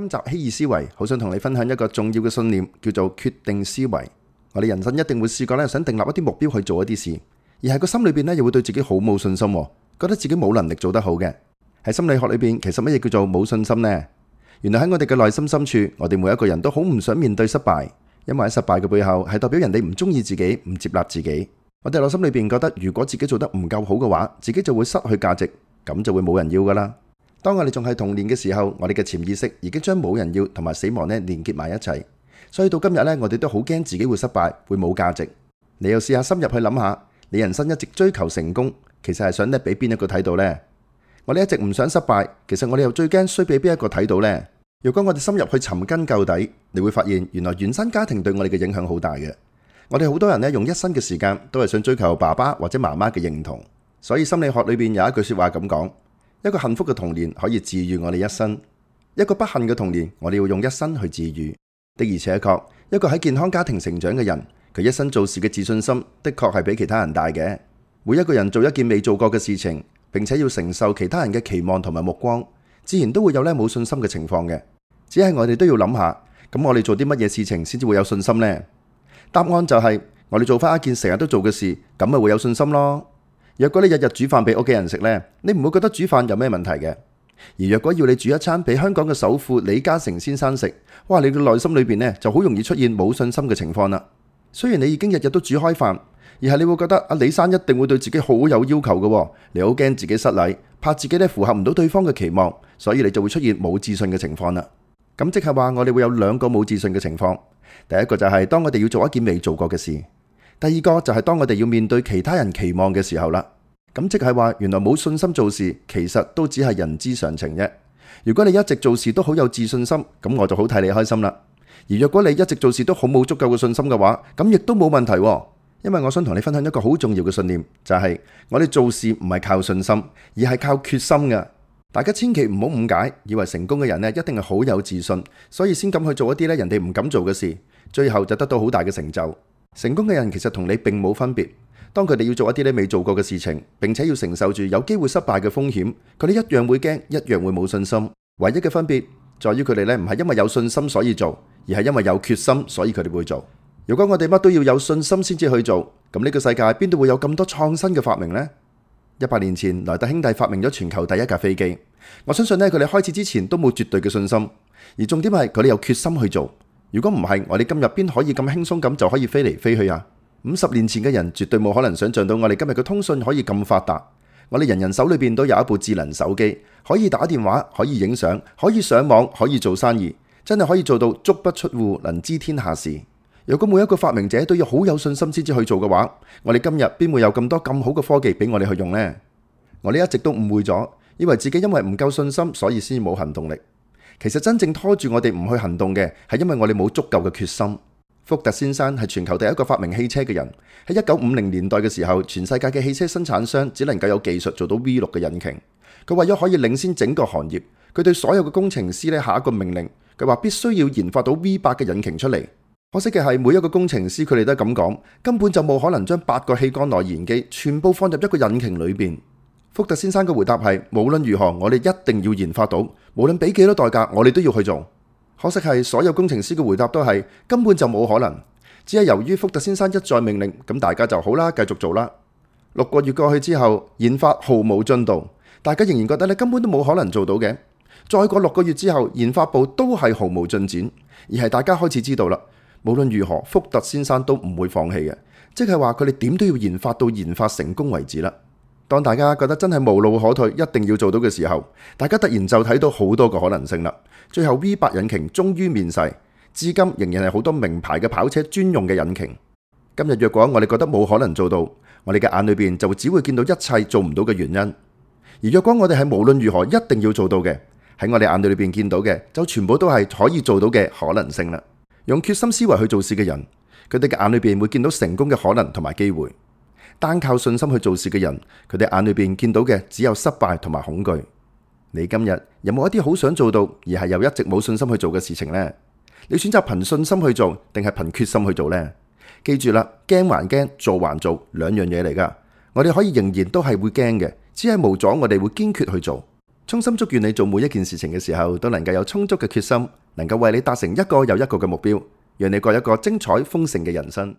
今集希爾思維，好想同你分享一個重要嘅信念，叫做決定思維。我哋人生一定會試過咧，想訂立一啲目標去做一啲事，而係個心裏邊咧又會對自己好冇信心，覺得自己冇能力做得好嘅。喺心理學裏邊，其實乜嘢叫做冇信心呢？原來喺我哋嘅內心深處，我哋每一個人都好唔想面對失敗，因為喺失敗嘅背後係代表人哋唔中意自己，唔接納自己。我哋內心裏邊覺得，如果自己做得唔夠好嘅話，自己就會失去價值，咁就會冇人要噶啦。當我哋仲係童年嘅時候，我哋嘅潛意識已經將冇人要同埋死亡呢連結埋一齊，所以到今日咧，我哋都好驚自己會失敗，會冇價值。你又試下深入去諗下，你人生一直追求成功，其實係想咧俾邊一個睇到呢？我哋一直唔想失敗，其實我哋又最驚衰俾邊一個睇到呢？若果我哋深入去尋根究底，你會發現原來原來原生家庭對我哋嘅影響好大嘅。我哋好多人咧用一生嘅時間都係想追求爸爸或者媽媽嘅認同。所以心理學裏邊有一句話說話咁講。一個幸福嘅童年可以治愈我哋一生，一個不幸嘅童年，我哋要用一生去治愈。的而且確，一個喺健康家庭成長嘅人，佢一生做事嘅自信心的確係比其他人大嘅。每一個人做一件未做過嘅事情，並且要承受其他人嘅期望同埋目光，自然都會有咧冇信心嘅情況嘅。只係我哋都要諗下，咁我哋做啲乜嘢事情先至會有信心呢？答案就係，我哋做翻一件成日都做嘅事，咁咪會有信心咯。若果你日日煮飯俾屋企人食呢，你唔會覺得煮飯有咩問題嘅。而若果要你煮一餐俾香港嘅首富李嘉誠先生食，哇！你嘅內心裏邊呢就好容易出現冇信心嘅情況啦。雖然你已經日日都煮開飯，而係你會覺得阿李生一定會對自己好有要求嘅，你好驚自己失禮，怕自己咧符合唔到對方嘅期望，所以你就會出現冇自信嘅情況啦。咁即係話我哋會有兩個冇自信嘅情況，第一個就係當我哋要做一件未做過嘅事。第二個就係當我哋要面對其他人期望嘅時候啦，咁即係話原來冇信心做事，其實都只係人之常情啫。如果你一直做事都好有自信心，咁我就好替你開心啦。而若果你一直做事都好冇足夠嘅信心嘅話，咁亦都冇問題，因為我想同你分享一個好重要嘅信念，就係我哋做事唔係靠信心，而係靠決心噶。大家千祈唔好誤解，以為成功嘅人咧，一定係好有自信，所以先咁去做一啲咧人哋唔敢做嘅事，最後就得到好大嘅成就。成功嘅人其實同你並冇分別。當佢哋要做一啲你未做過嘅事情，並且要承受住有機會失敗嘅風險，佢哋一樣會驚，一樣會冇信心。唯一嘅分別在於佢哋咧唔係因為有信心所以做，而係因為有決心所以佢哋會做。如果我哋乜都要有信心先至去做，咁呢個世界邊度會有咁多創新嘅發明呢？一百年前，萊特兄弟發明咗全球第一架飛機。我相信咧，佢哋開始之前都冇絕對嘅信心，而重點係佢哋有決心去做。如果唔係，我哋今日邊可以咁輕鬆咁就可以飛嚟飛去啊？五十年前嘅人絕對冇可能想象到我哋今日嘅通訊可以咁發達。我哋人人手裏邊都有一部智能手機，可以打電話，可以影相，可以上網，可以做生意，真係可以做到足不出戶，能知天下事。如果每一個發明者都要好有信心先至去做嘅話，我哋今日邊會有咁多咁好嘅科技俾我哋去用呢？我哋一直都誤會咗，以為自己因為唔夠信心，所以先冇行動力。其實真正拖住我哋唔去行動嘅，係因為我哋冇足夠嘅決心。福特先生係全球第一個發明汽車嘅人，喺一九五零年代嘅時候，全世界嘅汽車生產商只能夠有技術做到 V 六嘅引擎。佢為咗可以領先整個行業，佢對所有嘅工程師呢，下一個命令，佢話必須要研發到 V 八嘅引擎出嚟。可惜嘅係，每一個工程師佢哋都係咁講，根本就冇可能將八個氣缸內燃機全部放入一個引擎裏邊。福特先生的回答是，無論如何我們一定要研發到，無論畀幾多代價我們都要去做。可惜是所有工程師的回答都是根本就沒有可能，只係由於福特先生一再命令，那麼大家就好了，繼續做了。六個月過去之後，研發毫無進度，大家仍然覺得你根本都沒有可能做到的。再過六個月之後，研發部都是毫無進展，而係大家開始知道了，無論如何福特先生都不會放棄的。即是說他們怎樣都要研發到研發成功為止。當大家覺得真係無路可退，一定要做到嘅時候，大家突然就睇到好多個可能性啦。最後 V8 引擎終於面世，至今仍然係好多名牌嘅跑車專用嘅引擎。今日若果我哋覺得冇可能做到，我哋嘅眼裏邊就只會見到一切做唔到嘅原因；而若果我哋係無論如何一定要做到嘅，喺我哋眼裏邊見到嘅，就全部都係可以做到嘅可能性啦。用決心思維去做事嘅人，佢哋嘅眼裏邊會見到成功嘅可能同埋機會。單靠信心去做事嘅人，佢哋眼裏邊見到嘅只有失敗同埋恐懼。你今日有冇一啲好想做到而係又一直冇信心去做嘅事情呢？你選擇憑信心去做定係憑決心去做呢？記住啦，驚還驚，做還做，兩樣嘢嚟㗎。我哋可以仍然都係會驚嘅，只係無阻我哋會堅決去做。衷心祝願你做每一件事情嘅時候都能夠有充足嘅決心，能夠為你達成一個又一個嘅目標，讓你過一個精彩豐盛嘅人生。